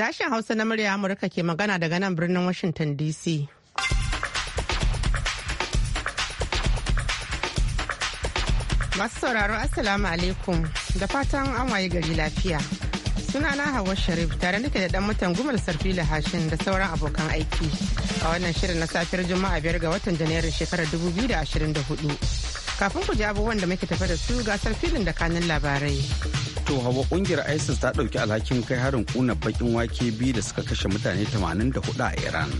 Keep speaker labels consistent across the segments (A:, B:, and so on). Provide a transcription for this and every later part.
A: Sashen Hausa na murya Amurka ke magana daga nan birnin Washington DC. Masu sauraro Assalamu alaikum da fatan an waye gari lafiya. suna na Hawa Sharif tare nake da dan mutan gumal sarfi Hashin da sauran abokan aiki a wannan shirin na safiyar Juma'a biyar ga watan Janairun shekarar dubu biyu da da ashirin hudu Kafin ku ji abubuwan da muke tafe da su gasar filin da kanin labarai.
B: to hawa kungiyar isis ta ɗauki alhakin kai harin kuna bakin wake biyu da suka kashe mutane 84 a iran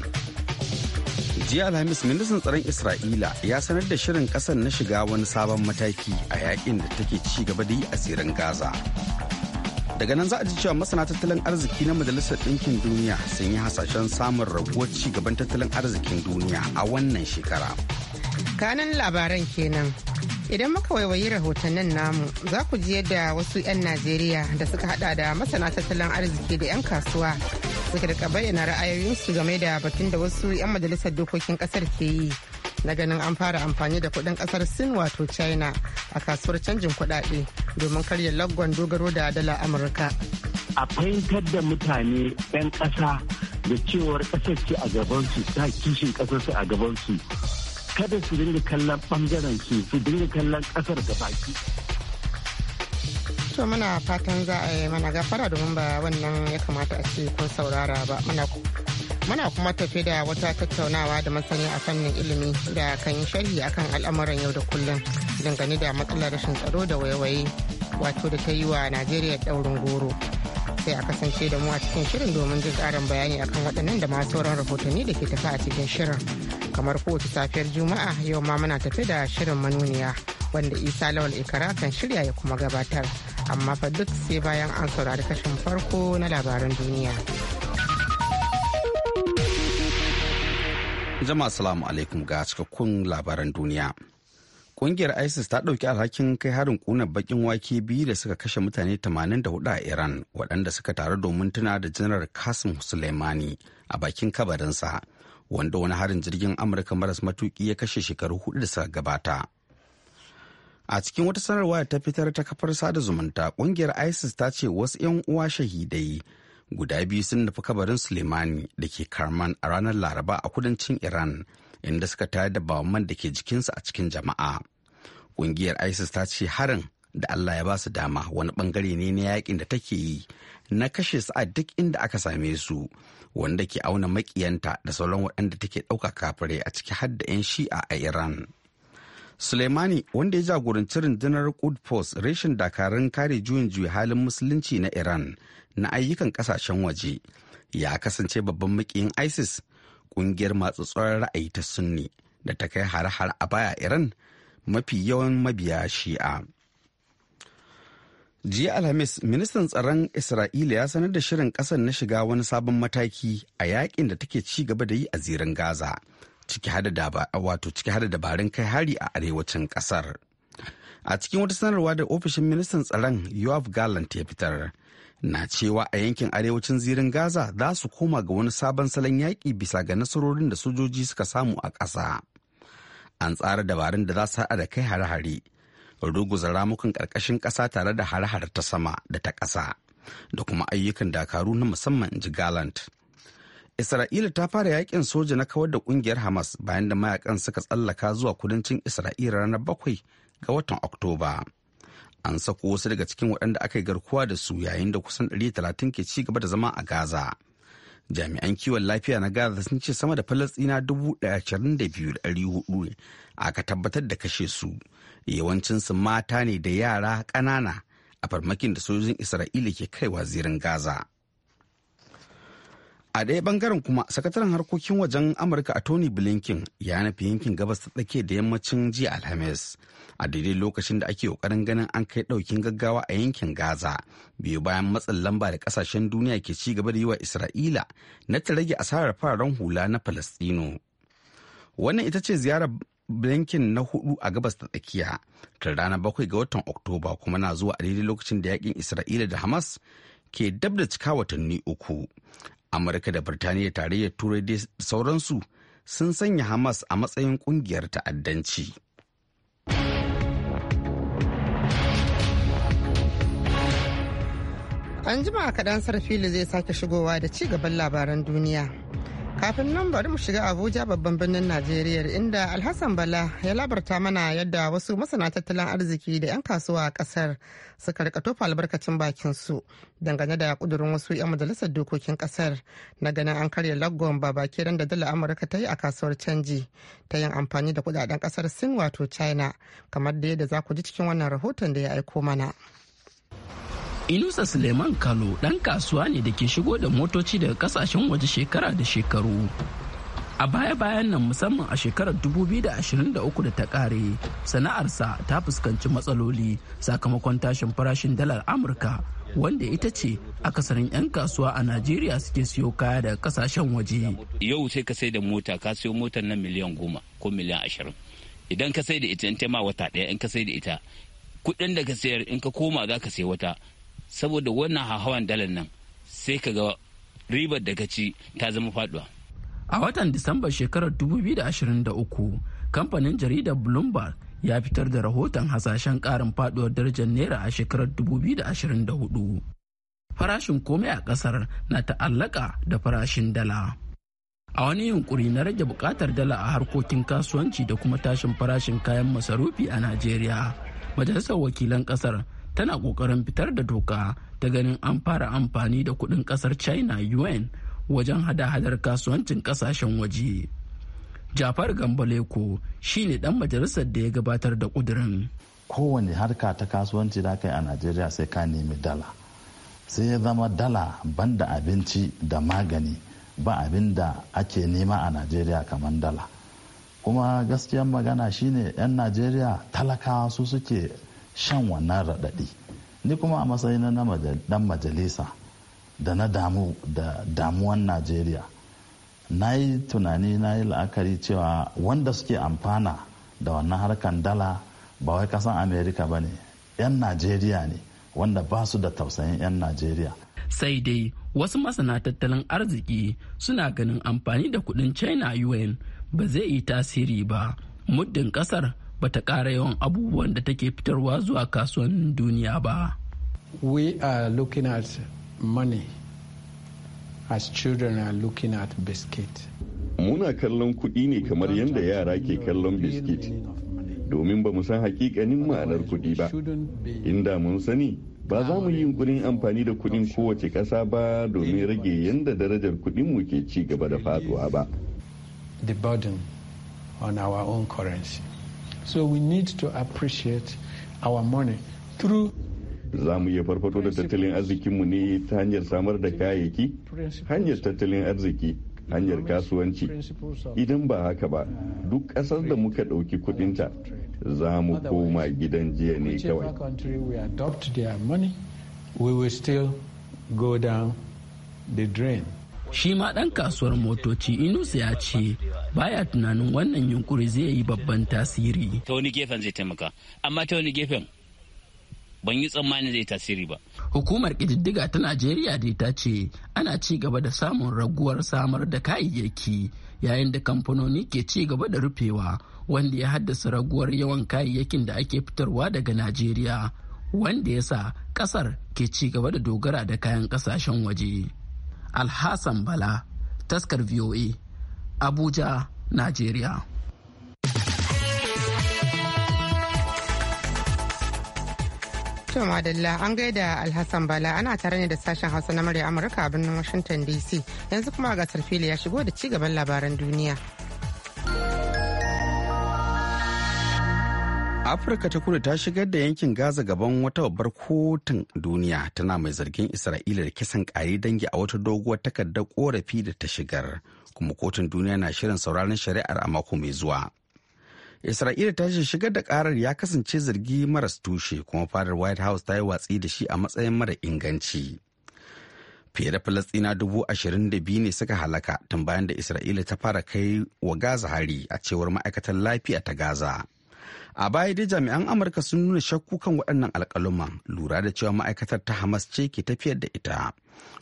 B: jiya alhamis ministan tsaron isra'ila ya sanar da shirin kasar na shiga wani sabon mataki a yakin da take ci gaba da yi a tsirin gaza daga nan za a ji cewa masana tattalin arziki na majalisar ɗinkin duniya sun yi hasashen samun rabuwar ci gaban tattalin arzikin duniya a wannan shekara
A: kanan labaran kenan Idan muka waiwayi rahotannin namu za ku ji yadda wasu 'yan Najeriya da suka hada da masana tattalin arziki da 'yan kasuwa suka rika bayyana ra'ayoyinsu game da batun da wasu 'yan majalisar dokokin kasar ke yi na ganin an fara amfani da kudin kasar Sin wato China a kasuwar canjin kudade domin karya lagwan dogaro da dala Amurka.
C: A fahimtar da mutane 'yan kasa da cewar ƙasar ce a gabansu ta kishin ƙasarsu a gabansu kada su dinga kallon bangaren su su dinga kallon kasar da baki
A: to muna fatan za a yi mana gafara domin ba wannan ya kamata a ce kun saurara ba muna kuma tafi da wata tattaunawa da masani a fannin ilimi da kan yi sharhi akan al'amuran yau da kullum dangane da matsalar rashin tsaro da waiwaye wato da ta yi wa najeriya daurin goro sai a kasance da mu a cikin shirin domin jin karin bayani akan waɗannan da ma sauran rahotanni da ke tafi a cikin shirin kamar kowace safiyar juma'a yau ma muna tafi da shirin manuniya wanda isa lawal ikara kan shirya ya kuma gabatar amma fa duk sai bayan an saurari kashin farko na labaran duniya
B: jama'a salamu alaikum ga cikakkun labaran duniya kungiyar isis ta ɗauki alhakin kai harin kuna bakin wake biyu da suka kashe mutane 84 a iran waɗanda suka taru domin tuna da janar kasim suleimani a bakin kabarinsa wanda wani harin jirgin amurka maras matuki ya kashe shekaru hudu da suka gabata a cikin wata sanarwa ta fitar ta kafar sada zumunta kungiyar isis ta ce wasu 'yan uwa shahidai guda biyu sun nufi kabarin suleimani da ke karman a ranar laraba a kudancin iran inda suka tayar da man da ke jikinsu a cikin jama'a kungiyar isis ta ce harin da Allah ya ba su dama wani bangare ne na yakin da take yi na kashe su a duk inda aka same su wanda ke auna makiyanta da sauran waɗanda take ɗauka kafare a ciki har da 'yan shi'a a Iran. Suleimani wanda ya jagoranci rundunar Post rashin dakarun kare juyin juya halin musulunci na Iran na ayyukan kasashen waje ya kasance babban makiyin ISIS ƙungiyar tsoron ra'ayi ta Sunni da ta kai hare-hare a baya Iran mafi yawan mabiya shi'a. jiya alhamis ministan tsaron isra'ila ya sanar da shirin kasar na shiga wani sabon mataki a yakin da take ci gaba da yi a zirin gaza ciki hada dabarun kai hari a arewacin ƙasar. a cikin wata sanarwa da ofishin ministan tsaron yoav gallant ya fitar na cewa a yankin arewacin zirin gaza za su koma ga wani sabon salon yaƙi bisa ga nasarorin da sojoji suka samu a ƙasa an tsara dabarun da za su haɗa da kai hare-hare ruguza ramukan ƙarƙashin ƙasa tare da har har ta sama da ta ƙasa da kuma ayyukan dakaru na musamman inji Gallant. Isra'ila ta fara yakin soja na kawar da ƙungiyar Hamas bayan da mayakan suka tsallaka zuwa kudancin Isra'ila ranar bakwai ga watan Oktoba. An sako wasu daga cikin waɗanda aka yi garkuwa da su yayin da kusan 130 ke ci gaba da zama a Gaza. Jami'an kiwon lafiya na Gaza sun ce sama da Falasɗina 22,400 aka tabbatar da kashe su. yawancinsu mata ne da yara ƙanana a farmakin da sojojin isra'ila ke kaiwa zirin gaza a ɗaya ɓangaren kuma sakataren harkokin wajen amurka a tony blinken ya nufi yankin gabas ta tsake da yammacin jiya alhamis a daidai lokacin da ake kokarin ganin an kai ɗaukin gaggawa a yankin gaza biyu bayan matsin lamba da ƙasashen duniya ke ci gaba da yi wa isra'ila na ta rage asarar fararen hula na falastino wannan ita ce ziyarar yankin na hudu a gabas ta tsakiya tun ranar bakwai ga watan oktoba kuma na zuwa a daidai lokacin da yakin isra'ila da hamas ke dab da cika watanni uku amurka da birtaniya tarayyar turai da sauransu sun sanya hamas a matsayin kungiyar ta'addanci
A: an jima kaɗan sarfili zai sake shigowa da ci gaban labaran duniya kafin nan bari mu shiga abuja babban birnin najeriya inda alhassan bala ya labarta mana yadda wasu masana tattalin arziki da 'yan kasuwa a kasar suka rika tofa albarkacin bakin su dangane da kudurin wasu 'yan majalisar dokokin kasar na ganin an karya lagos ran da dala amurka ta yi a kasuwar canji ta yin amfani da kudaden kasar sin wato china kamar da yadda za ku ji cikin wannan rahoton da ya aiko mana
D: Ilusa suleiman kalo ɗan kasuwa ne da ke shigo da motoci daga kasashen waje shekara da shekaru a baya-bayan nan musamman a shekarar 2023 da ta kare sana'arsa ta fuskanci matsaloli sakamakon tashin farashin dalar amurka wanda ita ce akasarin 'yan kasuwa a najeriya suke siyo kaya daga kasashen waje
E: yau sai ka sai da mota ka siyo motar nan miliyan goma ko miliyan ashirin idan ka sai da ita in ma wata ɗaya in ka sai da ita kuɗin da ka sayar in ka koma za ka sai wata saboda wannan hawan dalar nan sai ka ga ribar da ka ci ta zama faduwa
D: a watan disamba shekarar 2023 kamfanin jaridar bloomberg ya fitar da rahoton hasashen karin faduwar darajar naira a shekarar 2024 farashin komai a ƙasar na ta'allaka da farashin dala a wani yunkuri na rage buƙatar dala a harkokin kasuwanci da kuma tashin farashin kayan masarufi a najeriya majalisar wakilan Ƙasar. tana kokarin fitar da doka ta ganin an fara amfani da kuɗin ƙasar china un wajen hada-hadar kasuwancin kasashen waje jafar gambaleko shine dan majalisar da ya gabatar da ƙudirin. kowane harka ta kasuwanci da kai a najeriya sai ka nemi dala sai ya zama dala banda abinci da magani ba abin da ake nema a najeriya kamar dala kuma gaskiyan magana shine 'yan najeriya talakawa su suke shan wannan raɗaɗi ni kuma a matsayin na dan majalisa da na damu da damuwan najeriya na yi tunani na yi la'akari cewa wanda suke amfana da wannan harkan dala ba wai kasan amerika ba ne 'yan najeriya ne wanda ba su da tausayin 'yan najeriya sai dai wasu masana tattalin arziki suna ganin amfani da kudin china un ba zai yi tasiri ba muddin kasar bata ƙara yawan abubuwan da take fitarwa zuwa kasuwan duniya ba.
F: We are looking at money as children are looking at biscuit.
G: Muna kallon kuɗi ne kamar yadda yara ke kallon biskit domin ba mu san hakikanin ma'anar kuɗi ba. Inda mun sani ba za mu yi yunkurin amfani da kuɗin kowace ƙasa ba domin rage yadda darajar kuɗin mu ke ci gaba da faduwa ba.
H: The burden
F: on our own currency. So we need to appreciate our money through
G: za mu iya farfato da tattalin arzikinmu ne ta hanyar samar da kayayyaki hanyar tattalin arziki hanyar kasuwanci idan ba haka ba duk ƙasar da muka ɗauki kuɗinta za mu koma gidan jiya ne kawai
F: we will still go down
D: the drain. shi ma ɗan kasuwar motoci inusa ya ce baya tunanin wannan yunkuri zai yi babban tasiri
E: ta wani gefen zai taimaka amma ta wani gefen ban yi tsammanin zai tasiri ba
D: hukumar ƙididdiga ta najeriya dai ta ce ana ci gaba da samun raguwar samar da kayayyaki yayin da kamfanoni ke ci gaba da rufewa wanda ya haddasa raguwar yawan kayayyakin da ake fitarwa daga najeriya wanda ya sa kasar ke ci gaba da dogara da kayan ƙasashen waje alhassan bala taskar voa abuja najeriya
A: To Madalla an gaida Alhassan Bala ana tare ne da sashen Hausa na murya Amurka a birnin Washington DC yanzu kuma ga Sarfili ya shigo da cigaban labaran duniya.
B: afirka ta kudu ta shigar da yankin gaza gaban wata babbar kotun duniya tana mai zargin isra'ila da kisan kare dangi a wata doguwar takardar korafi da ta shigar kuma kotun duniya na shirin sauraron shari'ar a mako mai zuwa isra'ila ta shigar da karar ya kasance zargi maras tushe kuma fadar white house ta yi watsi da shi a matsayin mara inganci fiye da falastina dubu ashirin da biyu ne suka halaka tun bayan da isra'ila ta fara kai wa gaza hari a cewar ma'aikatar lafiya ta gaza a baya dai jami'an amurka sun nuna shakku kan waɗannan alƙaluman lura da cewa ma'aikatar ta hamas ce ke tafiyar da ita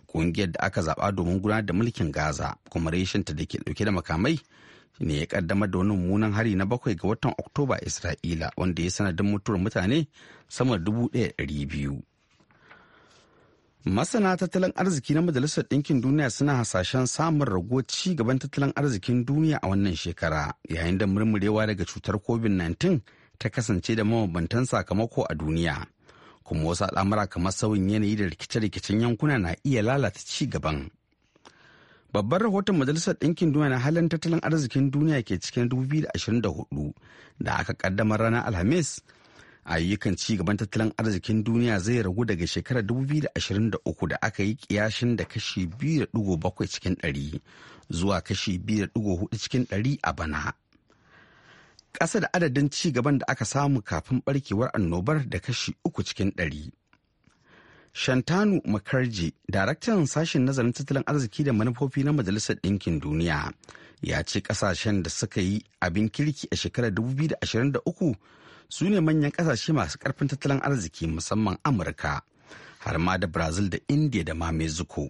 B: ƙungiyar da aka zaɓa domin gudanar da mulkin gaza kuma ta da ke ɗauke da makamai ne ya ƙaddamar da wani mummunan hari na bakwai ga watan oktoba isra'ila wanda ya sanadin mutuwar mutane sama da dubu ɗaya biyu masana tattalin arziki na majalisar ɗinkin duniya suna hasashen samun raguwar ci gaban tattalin arzikin duniya a wannan shekara yayin da murmurewa daga cutar covid-19 ta kasance da mabambantan sakamako a duniya kuma wasu al'amura kamar sauyin yanayi da rikice-rikicen yankuna na iya lalata ci gaban babban rahoton majalisar ɗinkin duniya na halin tattalin arzikin duniya ke cikin 2024 da aka kaddamar ranar alhamis ayyukan ci gaban tattalin arzikin duniya zai ragu daga shekarar 2023 da aka yi kiyashin da kashi 2.7 cikin 100 zuwa kashi 2.4 cikin 100 a bana ƙasa da adadin ci gaban da aka samu kafin barkewar annobar da kashi uku cikin ɗari. Shantanu Makarji, daraktan sashen nazarin tattalin arziki da manufofi na Majalisar Ɗinkin Duniya, ya ce ƙasashen da suka yi abin kirki a shekarar 2023 su ne manyan ƙasashe masu ƙarfin tattalin arziki musamman Amurka, har ma da Brazil da India da ma Mexico.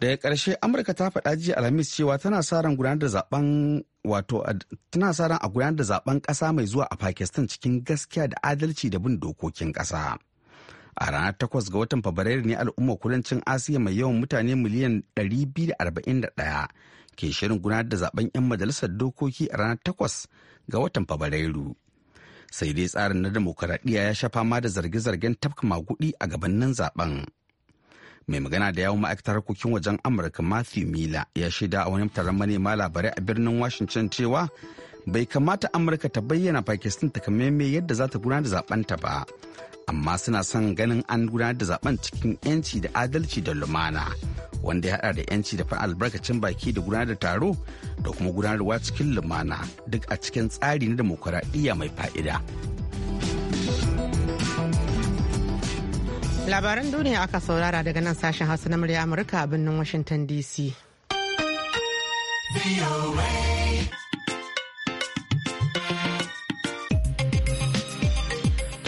B: daga ƙarshe amurka ta faɗa jiya alhamis cewa tana sa ran gudanar da zaben wato tana sa a gudanar da zaben ƙasa mai zuwa a pakistan cikin gaskiya da adalci da bin dokokin ƙasa a ranar takwas ga watan fabrairu ne al'umma kudancin asiya mai yawan mutane miliyan 241 ke shirin gudanar da zaben 'yan majalisar dokoki a ranar takwas ga watan fabrairu sai dai tsarin na demokaradiyya ya sha fama da zarge-zargen tafka maguɗi a gabanin zaben mai magana da yawon ma'aikatar harkokin wajen amurka matthew miller ya shaida a wani taron manema labarai a birnin washington cewa bai kamata amurka ta bayyana pakistan takamaimai yadda za ta gudanar da zaben ta ba amma suna son ganin an gudanar da zaben cikin yanci da adalci da lumana wanda ya hada da yanci da faɗin albarkacin baki da gudanar da taro da kuma gudanarwa cikin lumana duk a cikin tsari na demokuraɗiyya mai fa'ida
A: Labaran duniya aka saurara daga nan sashen Hausa na murya Amurka a birnin Washington DC.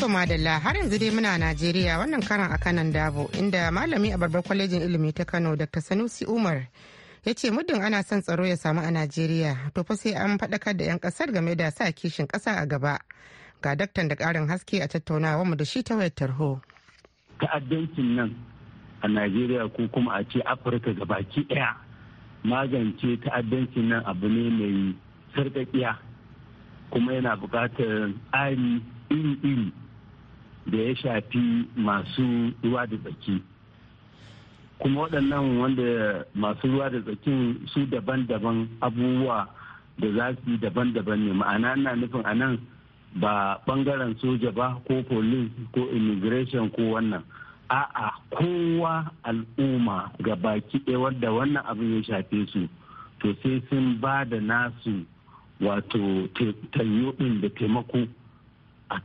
A: madalla har yanzu dai muna Najeriya wannan karan a kanan dabo inda malami a babbar kwalejin ilimi ta Kano Dr. Sanusi Umar ya ce muddin ana son tsaro ya samu a Najeriya to fa sai an faɗakar da 'yan ƙasar game da sa kishin ƙasa a gaba. Ga daktan da ƙarin haske a tattaunawa mu da shi ta wayar tarho.
C: ta'addancin nan a najeriya ko kuma a ce afirka ga baki ɗaya magance ta'addancin nan abu ne mai sarƙaƙiya kuma yana buƙatar tsari iri-iri da ya shafi masu ruwa da tsaki kuma waɗannan wanda masu ruwa da tsakin su daban-daban abubuwa da za su yi daban-daban ne ma'ana na nufin a nan ba bangaren soja ba ko police ko immigration ko wannan a'a kowa al'umma ga baki ɗaya wadda wannan abin ya shafe su to sai sun ba da nasu wato tayyobin da taimako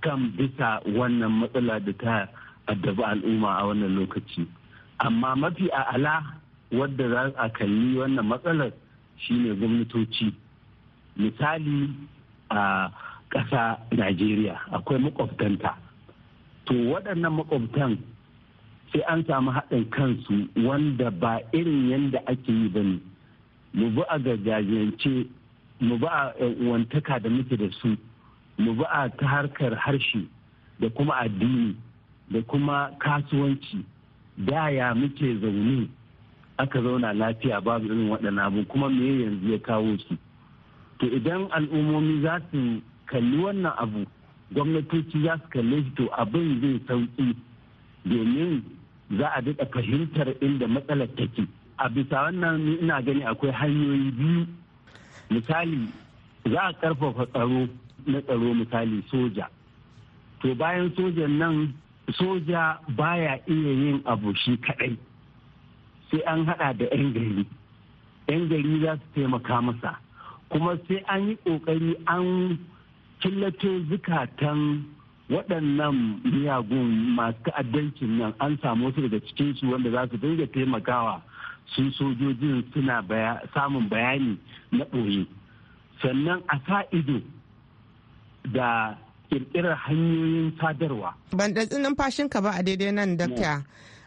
C: kan bisa wannan matsala da ta addaba al'umma a wannan lokaci amma mafi a'ala wadda za a kalli wannan matsalar shine gwamnatoci misali a ƙasa Najeriya akwai makwabtanta. To waɗannan makwabtan sai an samu haɗin kansu wanda ba irin yadda ake yi ba ne. Mu bi a gargajiyance, mu bi a wantaka da muke da su, mu bi a ta harkar harshe da kuma addini da kuma kasuwanci. Da ya muke zaune aka zauna lafiya babu irin waɗannan abu kuma me yanzu ya kawo su. To idan al'ummomi za su kalli wannan abu gwamnatoci za su kalle shi to abin zai sauki domin za a daɗa fahimtar inda matsalar take a bisa wannan ina gani akwai hanyoyi biyu misali za a karfafa tsaro na tsaro misali soja to bayan sojan nan soja baya iya yin abu shi kaɗai sai an haɗa da 'yan gari 'yan gari za su taimaka masa kuma sai an yi ƙoƙari an killato zukatan waɗannan miyagun masu ta'addancin nan an samu wasu daga cikinsu wanda za su dinga taimakawa sun sojojin suna samun bayani na ɓoye sannan a sa ido da ƙirƙirar hanyoyin
A: sadarwa. Ban fashin ka ba a daidai nan mm. dakta.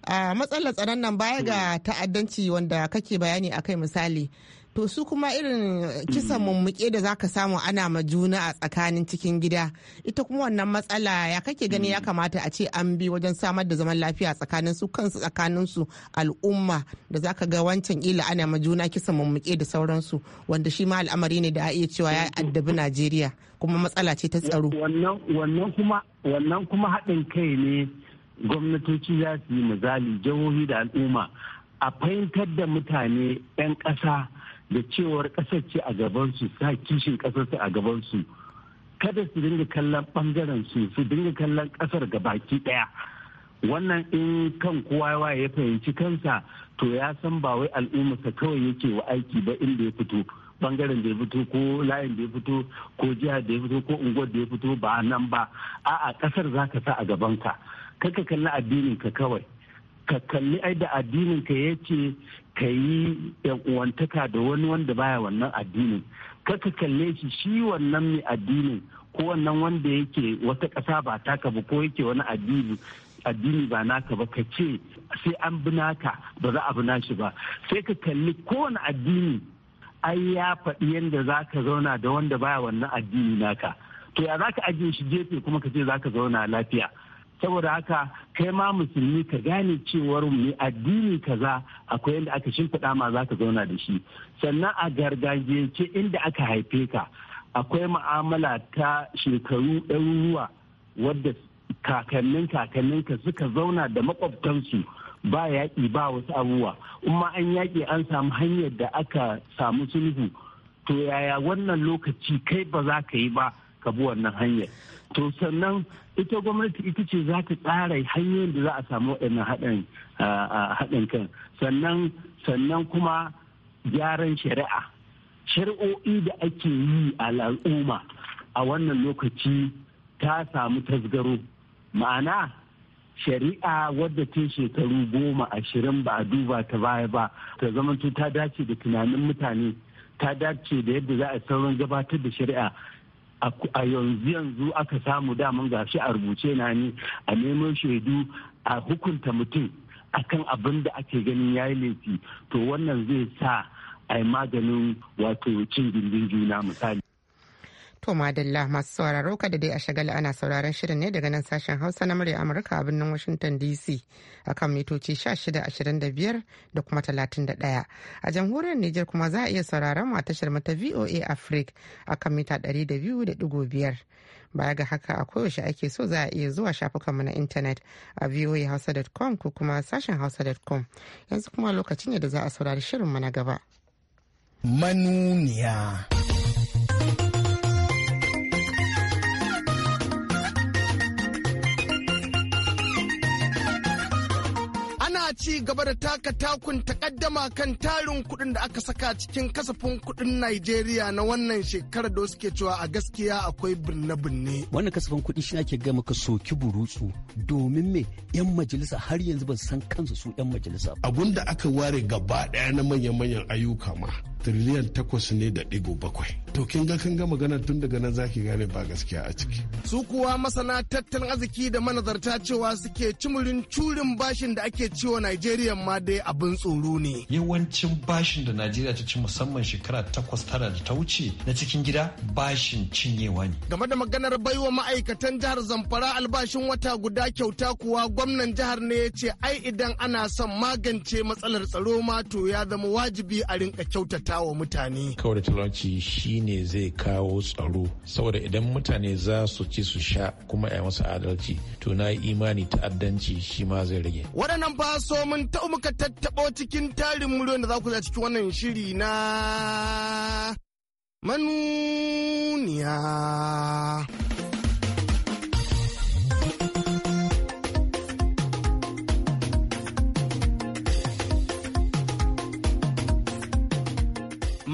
A: Ah, matsalar tsaron nan baya ga mm. ta'addanci wanda kake bayani akai kai misali to su kuma irin kisan mummuke da zaka samu ana ma juna a tsakanin cikin gida ita kuma wannan matsala ya kake gani ya kamata a ce an bi wajen samar da zaman lafiya tsakanin su kansu tsakanin su al'umma da zaka ga wancan ila ana ma juna kisan mummuke da sauransu wanda shi ma al'amari ne da a iya cewa ya addabi Najeriya kuma matsala ce ta tsaro
C: wannan kuma wannan kuma haɗin kai ne gwamnatoci za su yi misali jihohi da al'umma a fahimtar da mutane 'yan ƙasa da cewar kasar ce a gabansu sa kishin ƙasar a gabansu kada su dinga kallon bangaren su su dinga kallon ƙasar ga baki ɗaya wannan in kan kowa ya fahimci kansa to ya san ba wai al'ummarsa kawai yake wa aiki ba inda ya fito bangaren da ya fito ko layin da ya fito ko jihar da ya fito ko unguwar da ya fito ba nan ba a'a kasar za ka sa a gaban gabanka kaka kalli addinin ka kawai ka kalli ai da addinin ka ce ka yi uwantaka da wani wanda baya wannan addinin ka ka kalle shi shi wannan mai addinin ko wannan wanda yake wata ƙasa ba taka ba ko yake wani addini addini ba naka ba ka ce sai an bi naka ba za a bi nashi ba sai ka kalli kowane addini ai ya faɗi yadda za ka zauna da wanda baya wannan addini naka to ya za ka ajiye shi gefe kuma ka ce za ka zauna lafiya saboda haka kai ma musulmi ka gane cewar mai addini kaza akwai yadda aka shimfiɗa ma za ka zauna da shi sannan a gargajiyance inda aka haife ka akwai ma'amala ta shekaru ɗaruruwa wadda kakannin kakanninka suka zauna da maƙwabtansu ba yaƙi ba wasu abubuwa ma an yaƙi an samu hanyar da aka samu sulhu to yaya wannan lokaci kai ba za ka yi ba ka bi wannan hanyar to sannan ita gwamnati ita ce za ta tsara hanyoyin da za a samu waɗannan haɗin kan sannan sannan kuma gyaran shari'a shari'o'i da ake yi a al'umma a wannan lokaci ta samu tasgaro ma'ana shari'a wadda ta shekaru goma ashirin ba a duba ta baya ba ta zamanto ta dace da tunanin mutane ta dace da yadda za a sauran gabatar da shari'a a yanzu yanzu aka samu daman gashi a rubuce na ni a neman shaidu a hukunta mutum a kan abin da ake ganin yayi laifi to wannan zai sa a yi maganin wato cin gindin juna misali
A: To madalla masu sauraro ka da dai a shagali ana sauraron shirin ne daga nan sashen Hausa na murya Amurka a birnin washinton DC akan mitoci 1625 da kuma 31. A jamhuriyar Nijar kuma za a iya sauraron a tashar mata VOA Africa akan mita 200.5. Baya ga haka a koyaushe ake so za a iya zuwa shafukanmu na intanet a voahausa.com ko kuma sashen hausa.com. Yanzu kuma lokacin ne da za a saurari shirinmu na gaba. Manuniya.
I: ci gaba da taka takun takaddama kan tarin kuɗin da aka saka cikin kasafin kuɗin Najeriya na wannan shekarar da suke cewa a gaskiya akwai binne-binne.
E: Wannan kasafin kuɗi shi ake gama ka
I: soki
F: burutsu domin me 'yan majalisa har yanzu ban san kansu su 'yan majalisa. Abun da aka ware gaba daya na manya manyan ayyuka ma tiriliyan takwas ne da ɗigo bakwai. To kin ga kan ga maganar tun daga nan zaki gane ba gaskiya a ciki.
I: Su kuwa masana tattalin arziki da manazarta cewa suke cimurin curin bashin da ake ciwon Najeriya ma dai abin
J: tsoro ne. Yawancin bashin da Najeriya ta ci musamman shekara takwas tara da ta wuce na cikin gida bashin cinyewa ne. Game da maganar baiwa ma'aikatan jihar Zamfara albashin
I: wata guda kyauta kuwa gwamnan jihar ne ya ce ai idan ana son magance matsalar tsaro ma to ya zama wajibi a rinka kyautata wa mutane.
K: Kawai da talauci ne zai kawo tsaro saboda idan mutane za su ci su sha kuma a masa adalci to na imani ta'addanci shi ma zai rage.
I: Waɗannan ba su so mun ta muka tattaɓo cikin tarin muryar da za ku za cikin wannan shiri na manuniya.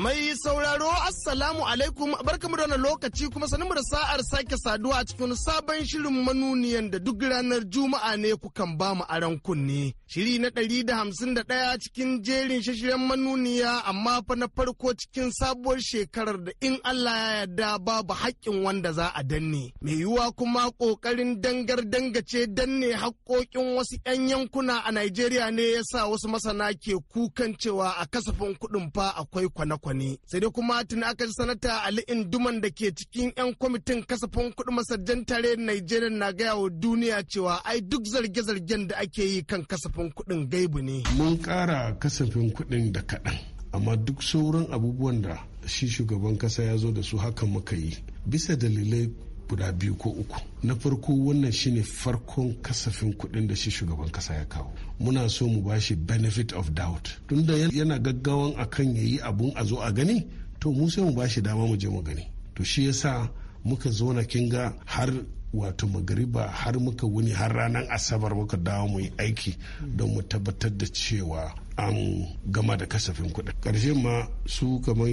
I: Mai sauraro Assalamu alaikum barkamu da wannan lokaci kuma sanmu da sa'ar sake saduwa a cikin sabon shirin manuniyan da duk ranar Juma'a ne kukan ba mu aran kunne. Shiri na ɗari da hamsin da ɗaya cikin jerin shashiren manuniya amma fa na farko cikin sabuwar shekarar da in Allah ya yarda babu haƙƙin wanda za a danne. Mai yiwuwa kuma ƙoƙarin dangar dangace danne haƙƙoƙin wasu 'yan yankuna a nigeria ne ya sa wasu masana ke kukan cewa a kasafin kuɗin fa akwai kwane-kwane. sai dai kuma tuni aka ji sanata ali induman da ke cikin 'yan kwamitin kasafin kuɗi masajan tare nigeria na gaya wa duniya cewa ai duk zarge-zargen da ake
F: yi kan kasafin kuɗin gaibu ne mun kara kasafin kuɗin da kaɗan amma duk sauran abubuwan da shi shugaban kasa ya zo da su hakan muka yi bisa dalilai guda biyu ko uku na farko wannan shine farkon kasafin kuɗin da shi shugaban kasa ya kawo muna so mu bashi benefit of doubt tunda yana gaggawan akan yi abun a zo a gani to mu sai mu bashi dama mu je mu gani to shi yasa muka zo na kinga har wato magariba har muka wuni har ranar asabar muka dawo mu yi aiki don mu tabbatar da cewa an gama da kasafin kuɗi ƙarshen ma su kamar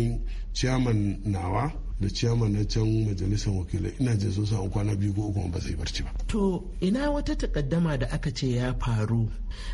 F: ciyaman nawa da ciyaman na can majalisar wakilai ina jin sun samu kwana biyu ko uku ba zai barci ba
A: to
E: ina wata takaddama da aka ce ya faru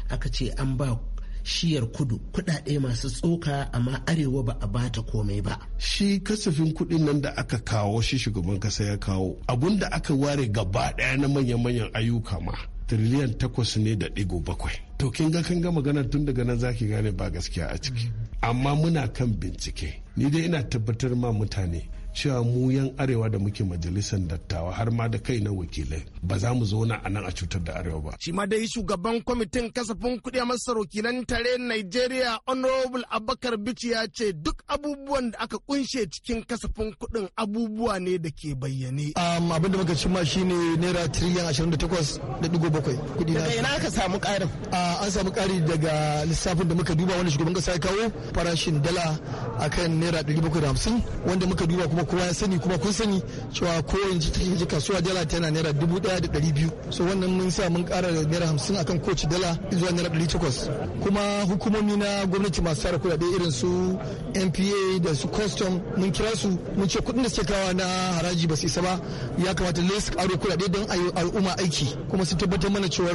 E: aka ce an ba shiyar kudu kudade masu tsoka amma arewa ba a bata komai ba
F: shi kasafin kudin nan da aka kawo shi shugaban kasa ya kawo abun da aka ware gaba daya na manya manyan ayyuka ma tiriliyan takwas ne da digo bakwai to kin ga kan ga magana tun daga nan zaki gane ba gaskiya a ciki mm. amma muna kan bincike ni dai ina tabbatar ma mutane cewa mu yan arewa da muke majalisar dattawa har ma da kai na wakilai ba za mu zauna a nan a cutar da arewa ba.
I: shi ma dai shugaban kwamitin kasafin kuɗi a masar wakilan tare nigeria honorable abakar bichi ya ce duk abubuwan da aka kunshe cikin kasafin
H: kuɗin abubuwa ne da ke bayyane. abin da muka ci ma shine naira tiriliyan ashirin da takwas da digo bakwai kuɗi na. daga ina aka samu ƙarin. an samu ƙari daga lissafin da muka duba wanda shugaban kasa ya kawo farashin dala akan naira ɗari bakwai da hamsin wanda muka duba kuma kowa ya sani kuma kun sani cewa ko yanzu take ji kasuwa dala tana naira dubu daya da dari biyu so wannan mun sa mun kara da naira hamsin akan kowace dala zuwa naira dari takwas kuma hukumomi na gwamnati masu tsara kudade irin su npa da su custom mun kira su mun ce kudin da suke kawa na haraji ba su isa ba ya kamata lai su karo kudade don al'umma aiki kuma su tabbatar mana cewar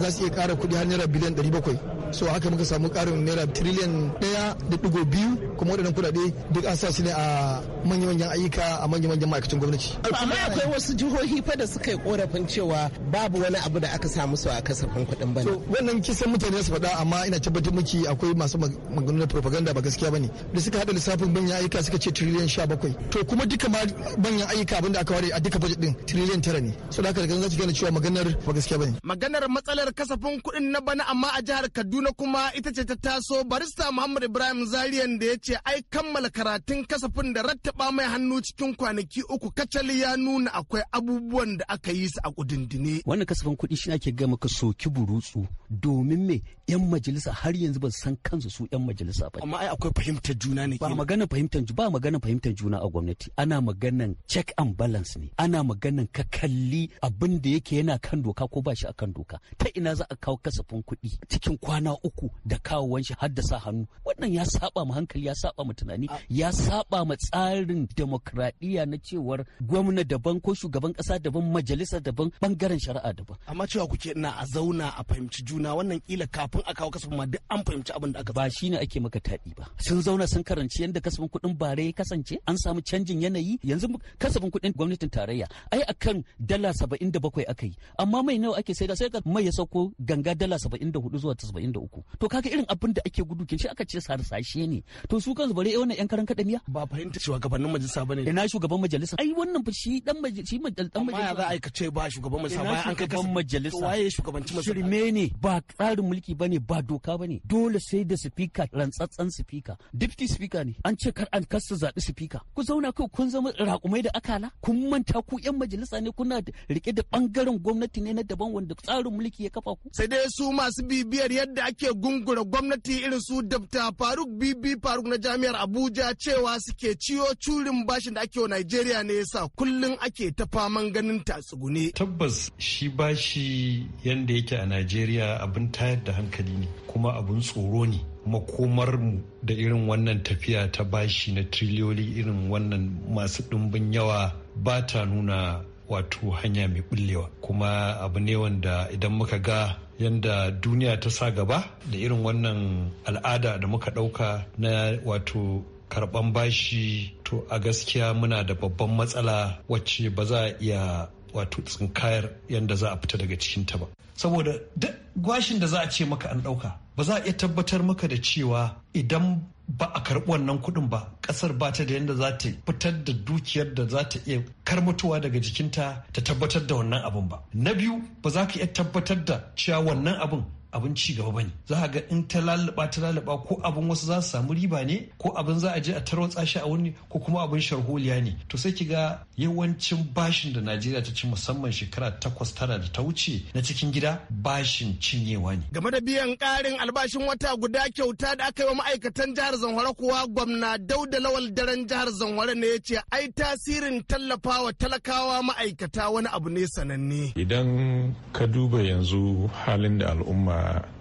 H: za su iya kara kuɗi har naira biliyan dari bakwai so haka muka samu karin naira trillion ɗaya da ɗigo biyu kuma waɗannan kuɗaɗe duk an sa su ne a manya-manyan ayyuka a manya-manyan ma'aikacin gwamnati. amma akwai wasu jihohi fa da suka yi korafin cewa babu wani abu da aka samu su a kasafin kuɗin bana. wannan kisan mutane su faɗa amma ina tabbatar miki akwai masu maganganun propaganda ba gaskiya bane da suka haɗa lissafin manyan ayyuka suka ce trillion sha bakwai to kuma duka ma manyan ayyuka abinda aka ware a duka budget din trillion tara ne so da haka daga za ci gane cewa maganar ba gaskiya bane.
I: maganar matsalar kasafin kuɗin na bana amma a jihar kaduna kaduna kuma ita ce ta taso barista muhammad ibrahim zariyan da ya ce ai kammala karatun kasafin da rattaba mai hannu cikin kwanaki uku kacal ya nuna akwai abubuwan da aka yi su a kudindine wannan
E: kasafin kuɗi shi ake gama ka soki burutsu domin me yan majalisa har yanzu ba su san kansu su yan majalisa ba
I: amma ai akwai fahimtar juna ne ba
E: magana fahimtar ba magana fahimtar juna a gwamnati ana maganan check and balance ne ana maganan ka kalli abin da yake yana kan doka ko ba shi a kan doka ta ina za a kawo kasafin kuɗi cikin kwana kwana uku da kawowan shi haddasa hannu wannan ya saba mu hankali ya saba mu tunani ya saba mu tsarin demokradiyya na cewar gwamna daban ko shugaban kasa daban majalisa daban bangaren shari'a daban
I: amma cewa kuke na a zauna a fahimci juna
E: wannan kila kafin a kawo kasafin ma duk an fahimci abin da aka ba shine ake maka taɗi ba sun zauna sun karanci yadda kasafin kuɗin bare ya kasance an samu canjin yanayi yanzu kasafin kuɗin gwamnatin tarayya ai akan dala saba'in da bakwai aka yi amma mai nawa ake saida sai ka mai ya sauko ganga dala 74 zuwa uku to kaga irin abin da ake gudu kenshi aka ce sarsashe ne to su kansu bare wannan yan karan kadamiya ba fahimta gabanin majalisa bane ina shugaban majalisa ai wannan fa shi dan majalisa dan majalisa za a aikace ba shugaban majalisa ba an kai shugaban majalisa waye shugabanci majalisa shirme ne ba tsarin mulki bane ba doka bane dole sai da speaker rantsatsan speaker deputy speaker ne an ce kar an kasa zaɗi speaker ku zauna kai kun zama raƙumai da akala kun manta ku yan majalisa ne kuna rike da bangaren gwamnati ne na
I: daban wanda tsarin mulki ya kafa ku sai dai su masu bibiyar yadda ake gungura gwamnati irin su dabta faruk bibi faruk na jami'ar abuja cewa suke ciyo curin bashin da ake wa najeriya ne yasa kullum ake ta faman ganin ta
J: tsugune tabbas shi bashi yanda yake a najeriya abun tayar da hankali ne kuma abun tsoro ne makomarmu da irin wannan tafiya ta bashi na triliyoli irin wannan masu ɗumbin yawa ba ta nuna wato hanya mai bullewa kuma abu ne wanda idan muka ga yadda duniya ta sa gaba da irin wannan al'ada da muka ɗauka na wato karɓan bashi to a gaskiya muna da babban matsala wacce ba za a iya wato tsinkayar yadda za a fita daga cikinta ba saboda duk gwashin da za a ce maka an ɗauka ba za a iya tabbatar maka da cewa idan ba a karɓi wannan kuɗin ba ƙasar ba ta da yadda za ta fitar da dukiyar da za ta iya mutuwa daga jikinta ta tabbatar da wannan abin ba na biyu ba za ka iya tabbatar da cewa wannan abin abin ci gaba bane za ga in ta lalaba ta lalaba ko abin wasu za su samu riba ne ko abin za a je a tarwatsa shi a wani ko kuma abin sharholiya ne to sai ki ga yawancin bashin da Najeriya ta ci musamman shekara takwas tara da ta wuce na cikin gida bashin cinyewa ne game da biyan
I: karin albashin wata guda kyauta da aka yi wa ma'aikatan jihar Zamfara kuwa gwamna Dauda Lawal daren jihar Zamfara ne ya ce ai tasirin tallafawa talakawa ma'aikata wani abu ne sananne
K: idan ka duba yanzu halin da al'umma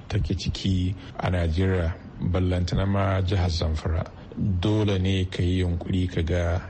K: take ciki a najeriya ballantana ma jihar zamfara dole ne ka yi yunkuri ka ga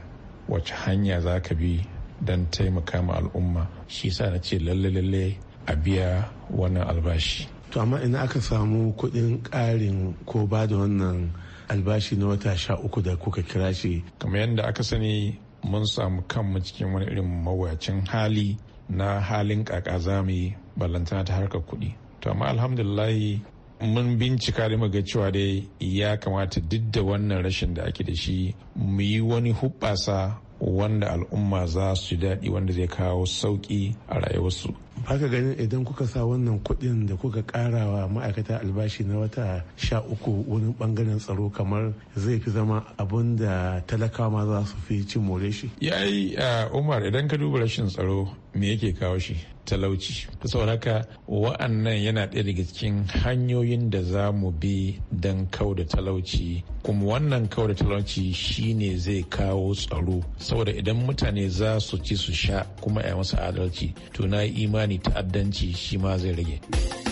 K: wace hanya za ka bi don taimaka ma al'umma shi sa na ce lalle lalle a biya wannan albashi to amma ina aka samu kuɗin ƙarin ko ba da wannan albashi na wata sha uku da kuka kira shi kamar yadda aka sani mun samu kanmu cikin wani irin mawuyacin hali na halin ƙaƙa zamu yi ballantana ta harkar kuɗi to amma alhamdulillahi mun bincika da ga cewa dai ya kamata duk da wannan rashin da ake da shi mu yi wani hubbasa wanda al'umma za su daɗi wanda zai kawo sauƙi a rayuwarsu haka ganin idan kuka sa wannan kuɗin da kuka karawa ma'aikata albashi na wata sha uku wani bangaren tsaro kamar zai fi zama abun da talakawa ma za su fi cin more shi ya yi umar idan ka duba rashin tsaro me yake kawo shi talauci saboda haka wa'annan yana ɗaya daga cikin hanyoyin da za mu bi don kau da talauci kuma wannan kawai talauci ne zai kawo tsaro saboda idan mutane za su ci su sha kuma a masu adalci to na imani ta'addanci shi ma zai rage.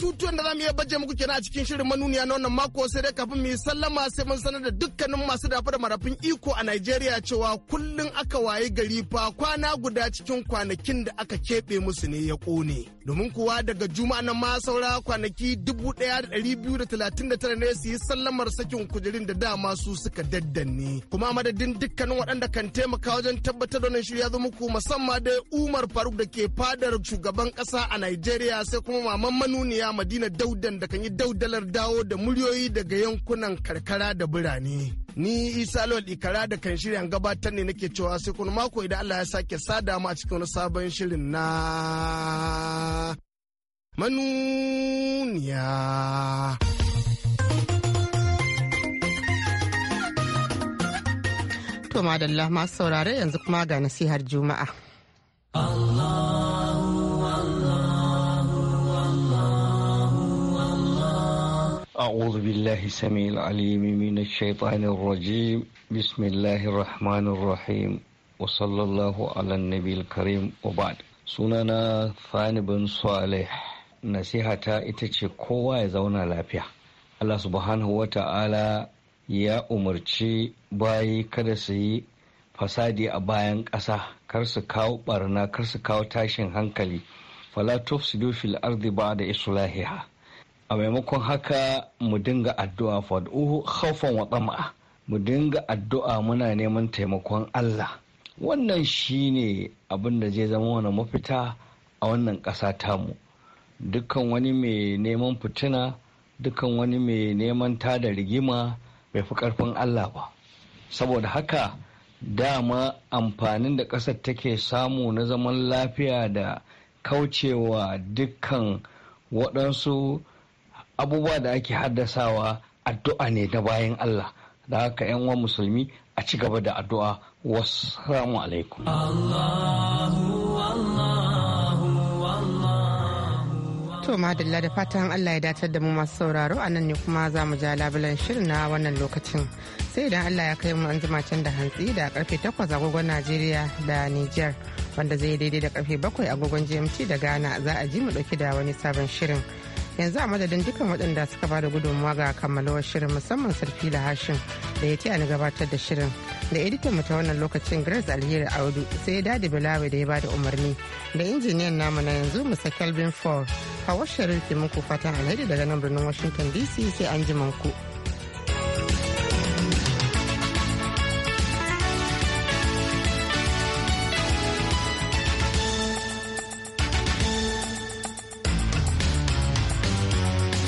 I: batutuwan da za mu iya baje muku kenan a cikin shirin manuniya na wannan mako sai dai kafin mu yi sallama sai mun sanar da dukkanin masu dafa da marafin iko a Najeriya cewa kullun aka waye gari fa kwana guda cikin kwanakin da aka keɓe musu ne ya kone. Domin kuwa daga juma'a na ma saura kwanaki dubu ne su yi sallamar sakin kujerin da dama su suka daddanne. Kuma madadin dukkanin waɗanda kan taimaka wajen tabbatar da wannan shirya zo muku musamman dai Umar Faruk da ke fadar shugaban kasa a Najeriya sai kuma maman manuniya Madina Daudan da kan yi daudalar dawo da muryoyi daga yankunan karkara da birane. Ni Isa Lawal Ikara da kan shirya gabatar ne nake cewa sai kuma mako idan Allah ya sake sada mu a cikin wani sabon shirin na manuniya.
A: To madalla masu saurare yanzu kuma ga nasihar Juma'a. Allah
G: أعوذ بالله السميع العليم من الشيطان الرجيم بسم الله الرحمن الرحيم وصلى الله على النبي الكريم وبعد sunana Fani bin Saleh nasihata ita ce kowa ya zauna lafiya Allah subhanahu wa ta'ala ya umarci bayi kada su yi fasadi a bayan ƙasa kar su kawo barna kar su kawo tashin hankali fala tufsidu fil ardi ba'da islahiha a maimakon haka mu dinga addu'a fad'uhu khawfan wa mu dinga addu'a muna neman taimakon Allah wannan shine abin da zai zama wani mafita a wannan ƙasa tamu dukkan wani mai neman fitina dukkan wani mai neman tada rigima bai fi ƙarfin Allah ba saboda haka dama amfanin da ƙasar take samu na zaman lafiya da kaucewa dukkan waɗansu abubuwa da ake haddasawa addu'a ne da bayan Allah da haka 'yan uwan musulmi a ci gaba da addu'a wasu. alaikum
A: to madalla da fatan Allah ya datar da mu masu sauraro a nan ne kuma za mu ja labulan shirin na wannan lokacin sai idan Allah ya kai mu an jima can da hantsi da karfe 8 agogon Najeriya da Niger wanda zai daidai da karfe 7 agogon GMT da Ghana za a ji mu dauki da wani sabon shirin. yanzu a madadin dukkan waɗanda suka ba da gudunmawa ga kammalawar shirin musamman sarfi hashin da ya tiya ni gabatar da shirin da editan mu ta wannan lokacin grace alheri audu sai ya dadi bilawe da ya ba da umarni da injiniyan namu na yanzu musa kelvin ford hawa sharif ke muku fatan alheri daga nan birnin washington dc sai an ji ku.